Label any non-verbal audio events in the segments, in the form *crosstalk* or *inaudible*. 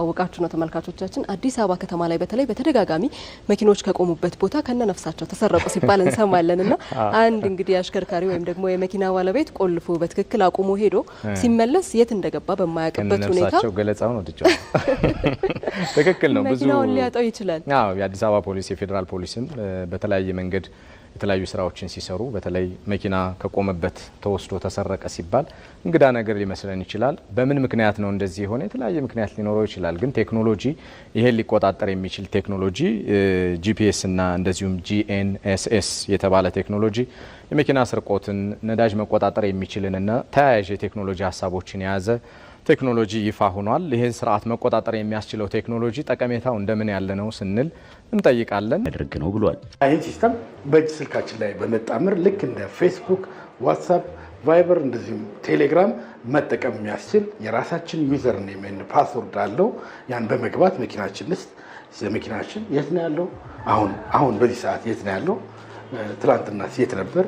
አወቃችሁ ነው ተመልካቾቻችን። አዲስ አበባ ከተማ ላይ በተለይ በተደጋጋሚ መኪኖች ከቆሙበት ቦታ ከነ ነፍሳቸው ተሰረቁ ሲባል እንሰማለን እና *laughs* አንድ እንግዲህ አሽከርካሪ ወይም ደግሞ የመኪና ባለቤት ቆልፎ በትክክል አቁሞ ሄዶ ሲመለስ የት እንደገባ በማያውቅበት ሁኔታ ገለጻውን ወድጀ *laughs* ትክክል ነው፣ ብዙ መኪናውን ሊያጠው ይችላል። አዎ የአዲስ አበባ ፖሊስ የፌዴራል ፖሊስም በተለያየ መንገድ የተለያዩ ስራዎችን ሲሰሩ በተለይ መኪና ከቆመበት ተወስዶ ተሰረቀ ሲባል እንግዳ ነገር ሊመስለን ይችላል። በምን ምክንያት ነው እንደዚህ የሆነ? የተለያየ ምክንያት ሊኖረው ይችላል። ግን ቴክኖሎጂ ይሄን ሊቆጣጠር የሚችል ቴክኖሎጂ ጂፒኤስ እና እንደዚሁም ጂኤንኤስኤስ የተባለ ቴክኖሎጂ የመኪና ስርቆትን፣ ነዳጅ መቆጣጠር የሚችልንና ተያያዥ የቴክኖሎጂ ሀሳቦችን የያዘ ቴክኖሎጂ ይፋ ሆኗል። ይህን ስርዓት መቆጣጠር የሚያስችለው ቴክኖሎጂ ጠቀሜታው እንደምን ያለ ነው ስንል እንጠይቃለን። ያደርግ ነው ብሏል። ይህን ሲስተም በእጅ ስልካችን ላይ በመጣመር ልክ እንደ ፌስቡክ፣ ዋትሳፕ፣ ቫይበር እንደዚሁም ቴሌግራም መጠቀም የሚያስችል የራሳችን ዩዘር ኔምን ፓስወርድ አለው። ያን በመግባት መኪናችን ውስጥ መኪናችን የት ነው ያለው፣ አሁን አሁን በዚህ ሰዓት የት ነው ያለው፣ ትላንትና የት ነበር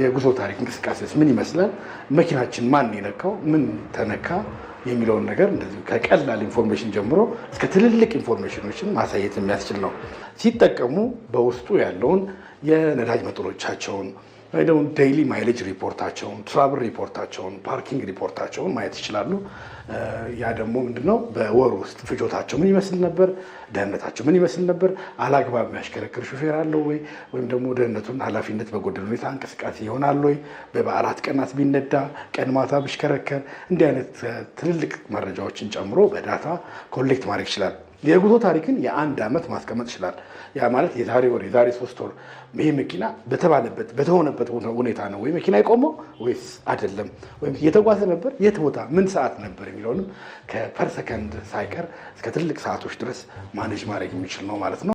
የጉዞ ታሪክ እንቅስቃሴስ ምን ይመስላል፣ መኪናችን ማን የነካው፣ ምን ተነካ የሚለውን ነገር እንደዚህ ከቀላል ኢንፎርሜሽን ጀምሮ እስከ ትልልቅ ኢንፎርሜሽኖችን ማሳየት የሚያስችል ነው። ሲጠቀሙ በውስጡ ያለውን የነዳጅ መጠኖቻቸውን አይደውን ዴይሊ ማይሌጅ ሪፖርታቸውን፣ ትራቭል ሪፖርታቸውን፣ ፓርኪንግ ሪፖርታቸውን ማየት ይችላሉ። ያ ደግሞ ምንድነው በወር ውስጥ ፍጆታቸው ምን ይመስል ነበር፣ ደህንነታቸው ምን ይመስል ነበር፣ አላግባብ የሚያሽከረክር ሹፌር አለው ወይ፣ ወይም ደግሞ ደህንነቱን ኃላፊነት በጎደል ሁኔታ እንቅስቃሴ ይሆናል ወይ፣ በበዓላት ቀናት ቢነዳ ቀን ማታ ቢሽከረከር፣ እንዲህ አይነት ትልልቅ መረጃዎችን ጨምሮ በዳታ ኮሌክት ማድረግ ይችላል። የጉዞ ታሪክን የአንድ ዓመት ማስቀመጥ ይችላል። ያ ማለት የዛሬ ወር፣ የዛሬ ሶስት ወር ይህ መኪና በተባለበት በተሆነበት ሁኔታ ነው ወይ መኪና የቆመው ወይስ አይደለም፣ ወይም የተጓዘ ነበር፣ የት ቦታ ምን ሰዓት ነበር የሚለውንም ከፐርሰከንድ ሳይቀር እስከ ትልቅ ሰዓቶች ድረስ ማኔጅ ማድረግ የሚችል ነው ማለት ነው።